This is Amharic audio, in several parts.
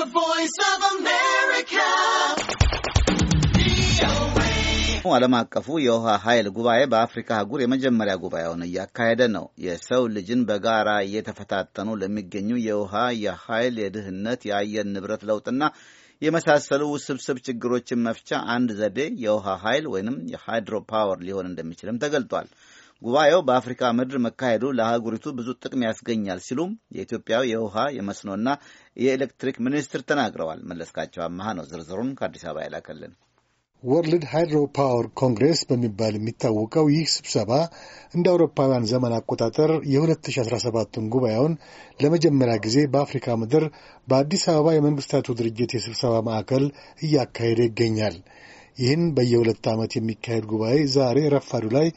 The Voice of America. ዓለም አቀፉ የውሃ ኃይል ጉባኤ በአፍሪካ አህጉር የመጀመሪያ ጉባኤውን እያካሄደ ነው። የሰው ልጅን በጋራ እየተፈታተኑ ለሚገኙ የውሃ፣ የኃይል፣ የድህነት፣ የአየር ንብረት ለውጥና የመሳሰሉ ውስብስብ ችግሮችን መፍቻ አንድ ዘዴ የውሃ ኃይል ወይንም የሃይድሮ ፓወር ሊሆን እንደሚችልም ተገልጧል። ጉባኤው በአፍሪካ ምድር መካሄዱ ለአህጉሪቱ ብዙ ጥቅም ያስገኛል ሲሉም የኢትዮጵያው የውሃ የመስኖና የኤሌክትሪክ ሚኒስትር ተናግረዋል። መለስካቸው አመሃ ነው ዝርዝሩን ከአዲስ አበባ ያላከልን። ወርልድ ሃይድሮ ፓወር ኮንግሬስ በሚባል የሚታወቀው ይህ ስብሰባ እንደ አውሮፓውያን ዘመን አቆጣጠር የ2017ን ጉባኤውን ለመጀመሪያ ጊዜ በአፍሪካ ምድር በአዲስ አበባ የመንግስታቱ ድርጅት የስብሰባ ማዕከል እያካሄደ ይገኛል። ይህን በየሁለት ዓመት የሚካሄድ ጉባኤ ዛሬ ረፋዱ ላይ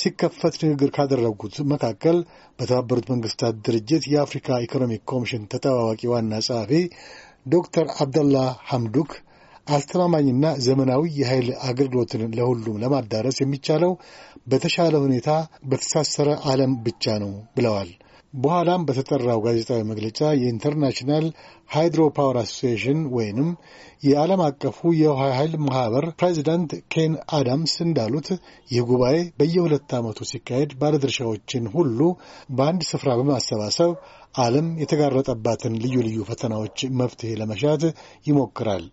ሲከፈት ንግግር ካደረጉት መካከል በተባበሩት መንግስታት ድርጅት የአፍሪካ ኢኮኖሚክ ኮሚሽን ተጠባባቂ ዋና ጸሐፊ ዶክተር አብደላ ሐምዱክ አስተማማኝና ዘመናዊ የኃይል አገልግሎትን ለሁሉም ለማዳረስ የሚቻለው በተሻለ ሁኔታ በተሳሰረ ዓለም ብቻ ነው ብለዋል። በኋላም በተጠራው ጋዜጣዊ መግለጫ የኢንተርናሽናል ሃይድሮ ፓወር አሶሲዬሽን ወይንም የዓለም አቀፉ የውሃ ኃይል ማህበር ፕሬዚዳንት ኬን አዳምስ እንዳሉት ይህ ጉባኤ በየሁለት ዓመቱ ሲካሄድ ባለድርሻዎችን ሁሉ በአንድ ስፍራ በማሰባሰብ ዓለም የተጋረጠባትን ልዩ ልዩ ፈተናዎች መፍትሄ ለመሻት ይሞክራል።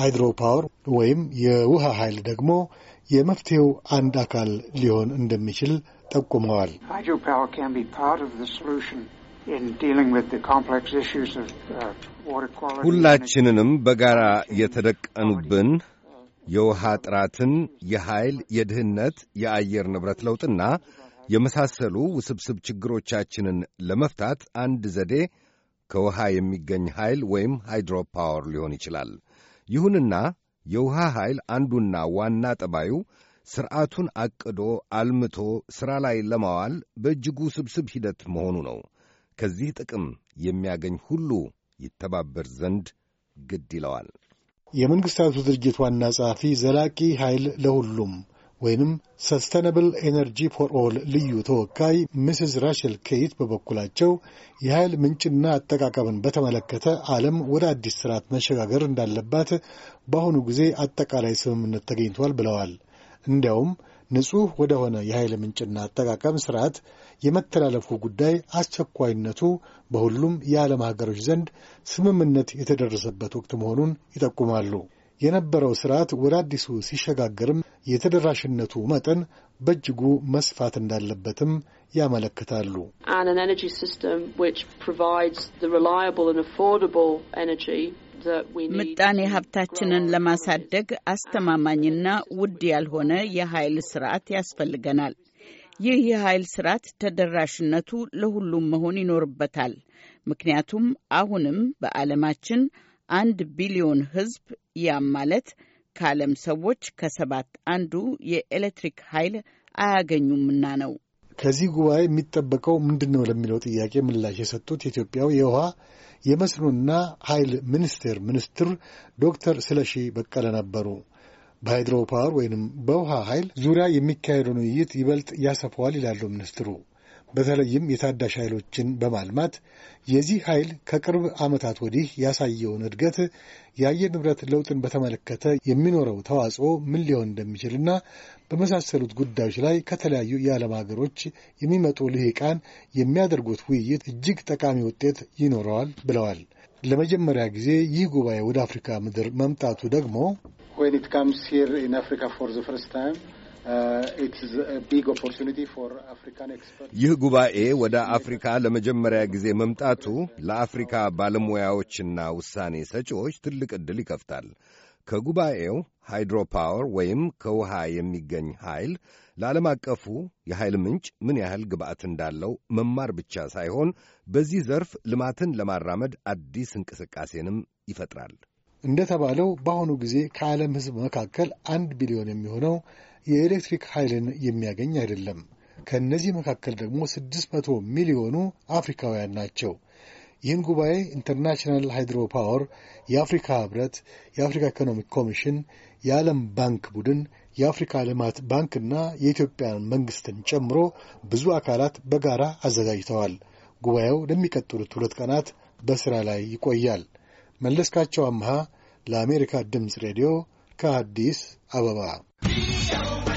ሃይድሮ ፓወር ወይም የውሃ ኃይል ደግሞ የመፍትሄው አንድ አካል ሊሆን እንደሚችል ጠቁመዋል። uh, ሁላችንንም በጋራ የተደቀኑብን የውሃ ጥራትን፣ የኃይል፣ የድህነት፣ የአየር ንብረት ለውጥና የመሳሰሉ ውስብስብ ችግሮቻችንን ለመፍታት አንድ ዘዴ ከውሃ የሚገኝ ኃይል ወይም ሃይድሮ ፓወር ሊሆን ይችላል። ይሁንና የውሃ ኃይል አንዱና ዋና ጠባዩ ሥርዓቱን አቅዶ አልምቶ ሥራ ላይ ለማዋል በእጅጉ ስብስብ ሂደት መሆኑ ነው። ከዚህ ጥቅም የሚያገኝ ሁሉ ይተባበር ዘንድ ግድ ይለዋል። የመንግሥታቱ ድርጅት ዋና ጸሐፊ ዘላቂ ኃይል ለሁሉም ወይንም ሰስተነብል ኤነርጂ ፎር ኦል ልዩ ተወካይ ምስዝ ራሸል ኬይት በበኩላቸው የኃይል ምንጭና አጠቃቀምን በተመለከተ ዓለም ወደ አዲስ ስርዓት መሸጋገር እንዳለባት በአሁኑ ጊዜ አጠቃላይ ስምምነት ተገኝቷል ብለዋል። እንዲያውም ንጹሕ ወደሆነ የኃይል ምንጭና አጠቃቀም ስርዓት የመተላለፉ ጉዳይ አስቸኳይነቱ በሁሉም የዓለም ሀገሮች ዘንድ ስምምነት የተደረሰበት ወቅት መሆኑን ይጠቁማሉ። የነበረው ስርዓት ወደ አዲሱ ሲሸጋገርም የተደራሽነቱ መጠን በእጅጉ መስፋት እንዳለበትም ያመለክታሉ። ምጣኔ ሀብታችንን ለማሳደግ አስተማማኝና ውድ ያልሆነ የኃይል ስርዓት ያስፈልገናል። ይህ የኃይል ስርዓት ተደራሽነቱ ለሁሉም መሆን ይኖርበታል። ምክንያቱም አሁንም በዓለማችን አንድ ቢሊዮን ህዝብ ያም ማለት ከዓለም ሰዎች ከሰባት አንዱ የኤሌክትሪክ ኃይል አያገኙምና ነው። ከዚህ ጉባኤ የሚጠበቀው ምንድን ነው ለሚለው ጥያቄ ምላሽ የሰጡት የኢትዮጵያው የውሃ የመስኖና ኃይል ሚኒስቴር ሚኒስትር ዶክተር ስለሺ በቀለ ነበሩ። በሃይድሮ ፓወር ወይንም በውሃ ኃይል ዙሪያ የሚካሄደውን ውይይት ይበልጥ ያሰፋዋል ይላሉ ሚኒስትሩ። በተለይም የታዳሽ ኃይሎችን በማልማት የዚህ ኃይል ከቅርብ ዓመታት ወዲህ ያሳየውን እድገት፣ የአየር ንብረት ለውጥን በተመለከተ የሚኖረው ተዋጽኦ ምን ሊሆን እንደሚችልና በመሳሰሉት ጉዳዮች ላይ ከተለያዩ የዓለም ሀገሮች የሚመጡ ልሂቃን የሚያደርጉት ውይይት እጅግ ጠቃሚ ውጤት ይኖረዋል ብለዋል። ለመጀመሪያ ጊዜ ይህ ጉባኤ ወደ አፍሪካ ምድር መምጣቱ ደግሞ Uh, ይህ ጉባኤ ወደ አፍሪካ ለመጀመሪያ ጊዜ መምጣቱ ለአፍሪካ ባለሙያዎችና ውሳኔ ሰጪዎች ትልቅ ዕድል ይከፍታል። ከጉባኤው ሃይድሮ ፓወር ወይም ከውሃ የሚገኝ ኃይል ለዓለም አቀፉ የኃይል ምንጭ ምን ያህል ግብዓት እንዳለው መማር ብቻ ሳይሆን በዚህ ዘርፍ ልማትን ለማራመድ አዲስ እንቅስቃሴንም ይፈጥራል። እንደተባለው በአሁኑ ጊዜ ከዓለም ሕዝብ መካከል አንድ ቢሊዮን የሚሆነው የኤሌክትሪክ ኃይልን የሚያገኝ አይደለም። ከእነዚህ መካከል ደግሞ 600 ሚሊዮኑ አፍሪካውያን ናቸው። ይህን ጉባኤ ኢንተርናሽናል ሃይድሮ ፓወር፣ የአፍሪካ ህብረት፣ የአፍሪካ ኢኮኖሚክ ኮሚሽን፣ የዓለም ባንክ ቡድን፣ የአፍሪካ ልማት ባንክና የኢትዮጵያ መንግስትን ጨምሮ ብዙ አካላት በጋራ አዘጋጅተዋል። ጉባኤው ለሚቀጥሉት ሁለት ቀናት በሥራ ላይ ይቆያል። መለስካቸው አምሃ ለአሜሪካ ድምፅ ሬዲዮ ከአዲስ አበባ Be